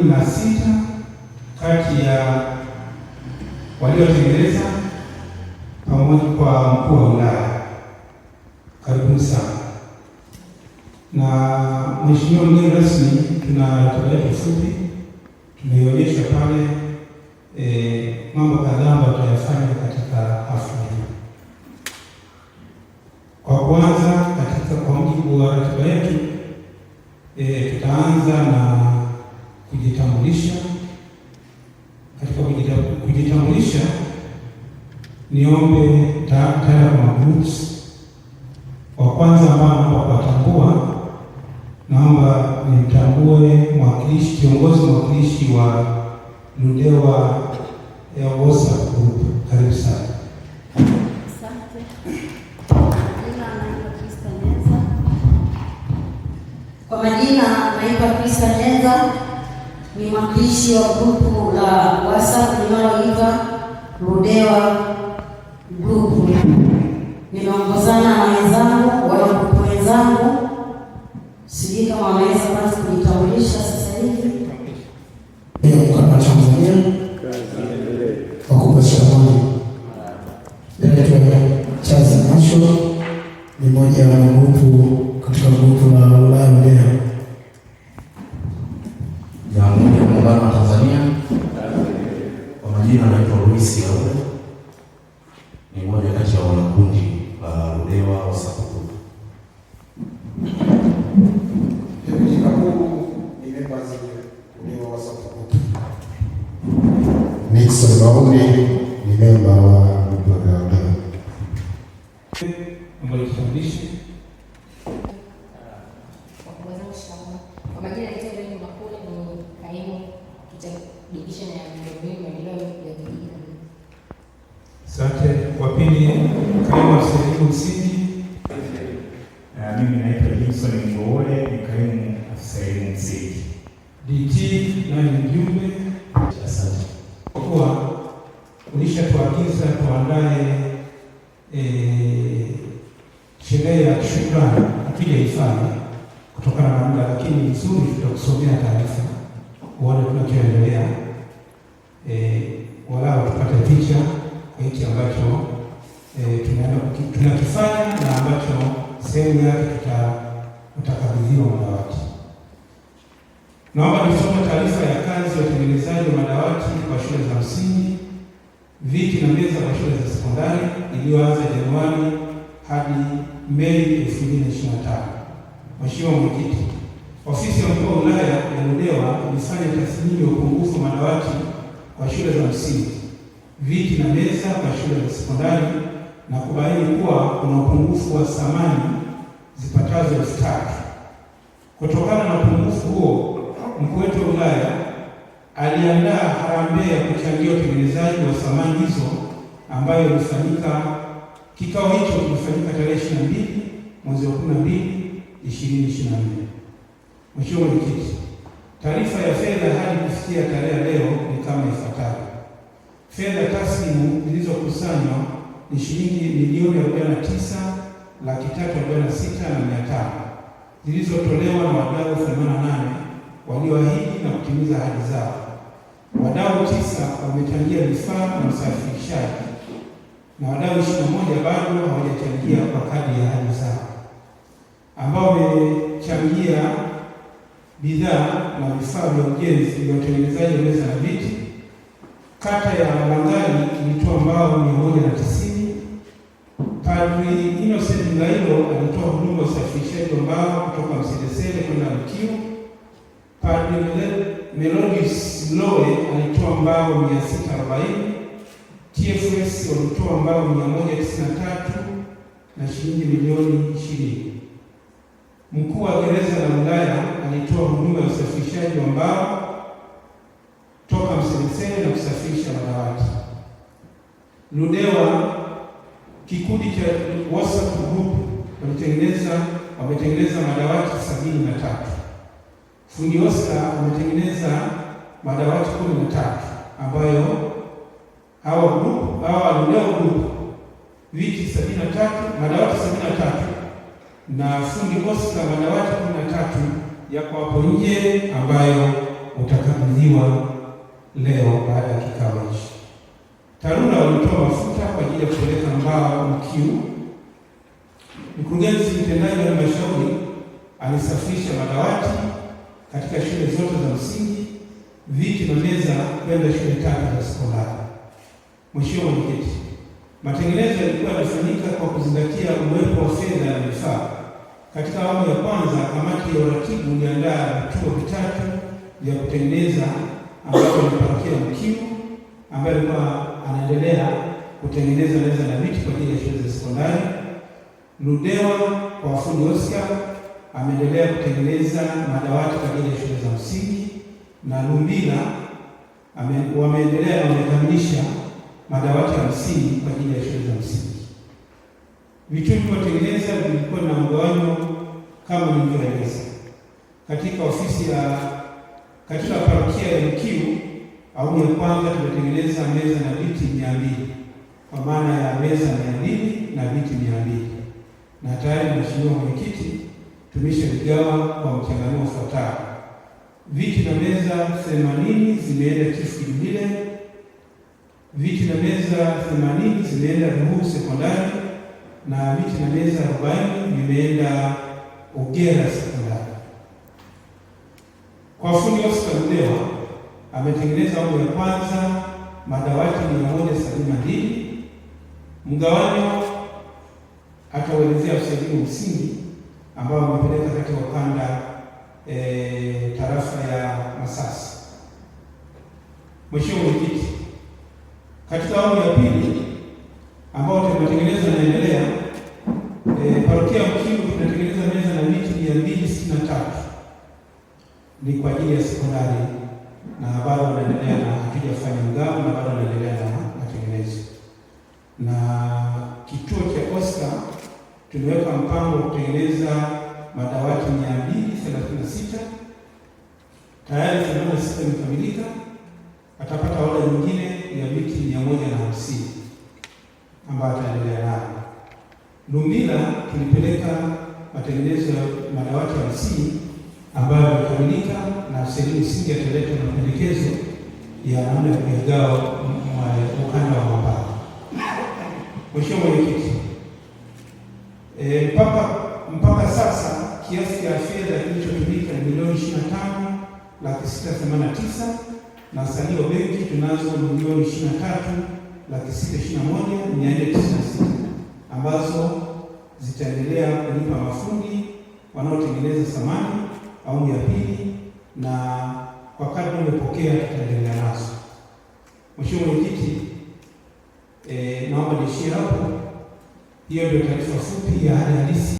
kumi na sita kati ya waliotengeneza pamoja kwa mkuu wa wilaya. Karibuni sana na mheshimiwa mgeni rasmi, tuna taarifa fupi tumeonyeshwa pale e, mambo kadhaa ambayo tutayafanya katika hafla hii. Kwa kwanza, katika kwa mujibu wa ratiba yetu e, tutaanza na kujitambulisha. Katika kujitambulisha, niombe kwa mabuti wa kwanza ambao naomba kuwatambua, naomba nimtambue mwakilishi kiongozi mwakilishi wa Ludewa ya WhatsApp group. Karibu sana. Kwa majina naitwa Krista Nyenza ni mwakilishi wa grupu la WhatsApp linaloitwa Ludewa Group. Nimeongozana na wenzangu, wanagrupu wenzangu, sijui kama wanaweza Muungano wa Tanzania kwa majina anaitwa Luis Kaunda, ni mmoja kati ya wanakundi la Ludewa Wasapu Group. Nixon Maombi ni memba wa msingi. Mimi naitwa Dickson Ngoole, ni kaimu afisa elimu msingi DT, naye ni mjumbe. Asante kwa kuwa ulishatuagiza tuandae e, sherehe ya shukrani hatujaifanya kutokana na muda, lakini vizuri tutakusomea taarifa uone tunachoendelea, e, walau tupate picha kwa hiki ambacho e, eh, tunakifanya na ambacho sehemu yake tutakabidhiwa madawati. Naomba nisome taarifa ya kazi ya utengenezaji wa madawati kwa shule za msingi, viti na meza kwa shule za sekondari iliyoanza Januari hadi Mei 2025. Mheshimiwa Mwenyekiti, ofisi ya mkuu wa wilaya ya Ludewa ilifanya tathmini ya upungufu wa madawati kwa shule za msingi, viti na meza kwa shule za sekondari na kubaini kuwa kuna upungufu wa samani zipatazo elfu tatu. Kutokana na upungufu huo, mkuu wetu wa wilaya aliandaa harambee ya kuchangia utengenezaji wa samani hizo ambayo ilifanyika. Kikao hicho kilifanyika tarehe 22 mwezi wa 12 2024. Mheshimiwa Mwenyekiti, taarifa ya fedha hadi kufikia tarehe leo ni kama ifuatavyo: fedha taslimu zilizokusanywa ni shilingi milioni arobaini na tisa laki tatu arobaini na sita na mia tano zilizotolewa na wadau themanini na nane walioahidi na kutimiza ahadi zao. Wadau tisa wamechangia vifaa na usafirishaji na wadau ishirini na moja bado hawajachangia kwa kadri ya ahadi zao, ambao wamechangia bidhaa na vifaa vya ujenzi vya utengenezaji wa meza na viti. Kata ya Wangari ilitoa mbao mia moja na tisini Padri Innocent Mlailo alitoa huduma usafirishaji wa mbao kutoka Mselesele kwenda Mkiu. Padri Melodius Loe alitoa mbao 640. TFS walitoa mbao 193 na shilingi milioni ishirini. Mkuu wa gereza la Ulaya alitoa huduma ya usafirishaji wa mbao toka Mselesele na kusafirisha madawati. Ludewa Kikundi cha WhatsApp group walitengeneza wametengeneza madawati sabini na tatu. Fundi Oscar wametengeneza madawati kumi na tatu ambayo hawa group hawa alumni group viti sabini na tatu madawati sabini na tatu na fundi Oscar madawati kumi na tatu yako hapo nje ambayo utakabidhiwa leo baada ya kikao hichi. TARURA walitoa mafuta kwa ajili ya kupeleka mbao kiu. Mkurugenzi mtendaji wa halmashauri alisafisha madawati katika shule zote za msingi, viti na meza kwenda shule tatu za sekondari. Mheshimiwa Mwenyekiti, matengenezo yalikuwa yanafanyika kwa kuzingatia uwepo wa fedha na vifaa. Katika awamu ya kwanza, kamati ya uratibu iliandaa vituo vitatu vya kutengeneza ambapo ni parokia Mkiu ambayo alikuwa anaendelea kutengeneza meza na viti kwa ajili ya shule za sekondari. Ludewa kwa fundi Oscar ameendelea kutengeneza madawati kwa ajili ya shule za msingi, na Lumbila wameendelea wamekamilisha madawati ya msingi kwa ajili ya shule za msingi. Vituo vilivyotengeneza vilikuwa na mgawanyo kama nilivyoeleza katika ofisi ya katika parokia ya Mkiu awamu ya kwanza tumetengeneza meza na viti mia mbili kwa maana ya meza mia mbili na viti mia mbili na tayari Mheshimiwa Mwenyekiti vigawa kwa mchanganuo ufuatao: viti na meza themanini zimeenda chifu Kidumile, viti na meza themanini zimeenda Ruhuru Sekondari na viti na meza arobaini vimeenda Ugera Sekondari. Kwa fundi Oscar mdewa ametengeneza awamu ya kwanza madawati mia moja sabini na mbili Mgawanyo atauelezea usajili msingi ambao umepeleka katika ukanda e, tarafa ya Masasi. Mheshimiwa Mwenyekiti, katika awamu ya pili ambao tunatengeneza naendelea e, eh, parokia Mkindu tunatengeneza meza na miti mia mbili sitini na tatu ni kwa ajili ya sekondari, na bado wanaendelea na hatujafanya mgao na bado wanaendelea na na kituo cha Oscar tumeweka mpango wa kutengeneza madawati 236 tayari themanini na sita imekamilika. Atapata oda nyingine ya viti mia moja na hamsini ambayo ataendelea nayo. lumila tulipeleka matengenezo ya madawati hamsini ambayo yamekamilika, na Selimu Singi ataleta mapendekezo ya namna ya kuyagawa ukanda wa mapaa Mheshimiwa Mwenyekiti, e, mpaka mpaka sasa kiasi cha fedha kilichotumika ni milioni ishirini na tano laki sita themanini na tisa na salio benki tunazo milioni ishirini na tatu laki sita ishirini na moja mia nne tisini na sita ambazo zitaendelea kulipa mafundi wanaotengeneza samani awamu ya pili, na kwa kadri umepokea tutaendelea nazo. Mheshimiwa Mwenyekiti E, naomba niishie hapo. Hiyo ndio taarifa fupi ya hali halisi.